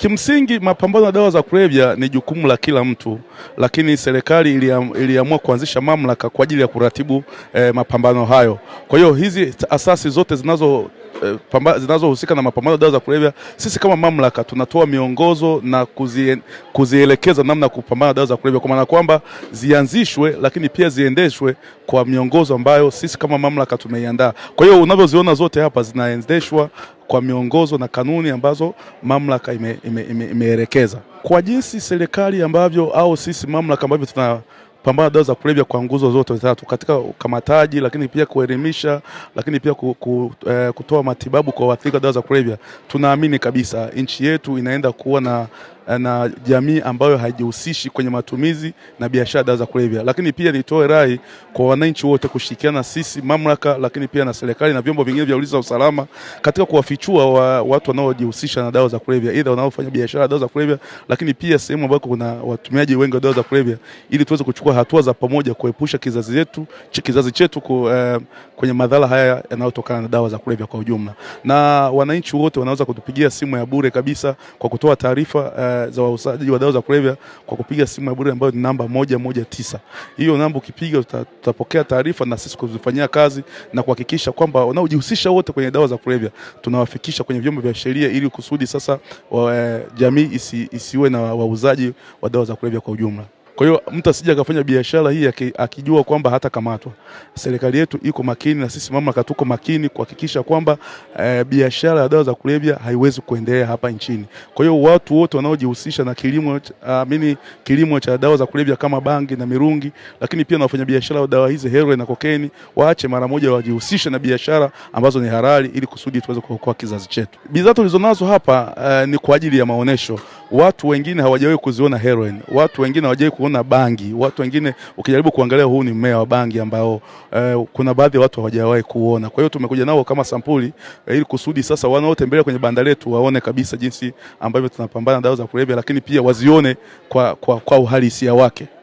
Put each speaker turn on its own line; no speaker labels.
Kimsingi mapambano na dawa za kulevya ni jukumu la kila mtu, lakini serikali iliamua kuanzisha mamlaka kwa ajili ya kuratibu eh, mapambano hayo. Kwa hiyo hizi asasi zote zinazo Eh, pamba, zinazohusika na mapambano dawa za kulevya, sisi kama mamlaka tunatoa miongozo na kuzie, kuzielekeza namna ya kupambana dawa za kulevya, kwa maana kwamba zianzishwe, lakini pia ziendeshwe kwa miongozo ambayo sisi kama mamlaka tumeiandaa. Kwa hiyo unavyoziona zote hapa zinaendeshwa kwa miongozo na kanuni ambazo mamlaka imeelekeza ime, ime, imeelekeza kwa jinsi serikali ambavyo au sisi mamlaka ambavyo tuna pambana na dawa za kulevya kwa nguzo zote tatu, katika ukamataji, lakini pia kuelimisha, lakini pia eh, kutoa matibabu kwa waathirika dawa za kulevya. Tunaamini kabisa nchi yetu inaenda kuwa na Eh, na jamii ambayo haijihusishi kwenye matumizi na biashara dawa za kulevya. Lakini pia nitoe rai kwa wananchi wote kushirikiana sisi mamlaka, lakini pia na serikali na vyombo vingine vya ulinzi na usalama katika kuwafichua wa, watu wanaojihusisha na dawa za kulevya, aidha wanaofanya biashara dawa za kulevya, lakini pia sehemu ambako kuna watumiaji wengi wa dawa za kulevya, ili tuweze kuchukua hatua za pamoja kuepusha kizazi yetu, kizazi chetu ku, eh, kwenye madhara haya yanayotokana na dawa za kulevya kwa ujumla. Na wananchi wote wanaweza kutupigia simu ya bure kabisa kwa kutoa taarifa eh, za wauzaji wa dawa za kulevya kwa kupiga simu ya bure ambayo ni namba moja moja tisa. Hiyo namba ukipiga tutapokea taarifa na sisi kuzifanyia kazi na kuhakikisha kwamba wanaojihusisha wote kwenye dawa za kulevya tunawafikisha kwenye vyombo vya sheria ili kusudi sasa wa, eh, jamii isi, isiwe na wauzaji wa dawa za kulevya kwa ujumla. Kwa hiyo mtu asije akafanya biashara hii akijua kwamba hata kamatwa. Serikali yetu iko makini na sisi mamlaka tuko makini kuhakikisha kwamba e, biashara ya dawa za kulevya haiwezi kuendelea hapa nchini. Kwa hiyo watu wote wanaojihusisha na kilimo amini ah, kilimo cha dawa za kulevya kama bangi na mirungi, lakini pia na wafanyabiashara wa dawa hizi heroin na kokeni, waache mara moja wajihusishe na biashara ambazo ni halali, ili kusudi tuweze kuokoa kizazi chetu. Bidhaa tulizonazo hapa e, ni kwa ajili ya maonesho. Watu wengine hawajawahi kuziona heroin, watu wengine hawajawahi kuona unaona bangi. Watu wengine ukijaribu kuangalia, huu ni mmea wa bangi ambao eh, kuna baadhi ya watu hawajawahi kuona. Kwa hiyo tumekuja nao kama sampuli eh, ili kusudi sasa wanaotembelea kwenye banda letu waone kabisa jinsi ambavyo tunapambana dawa za kulevya, lakini pia wazione kwa, kwa, kwa uhalisia wake.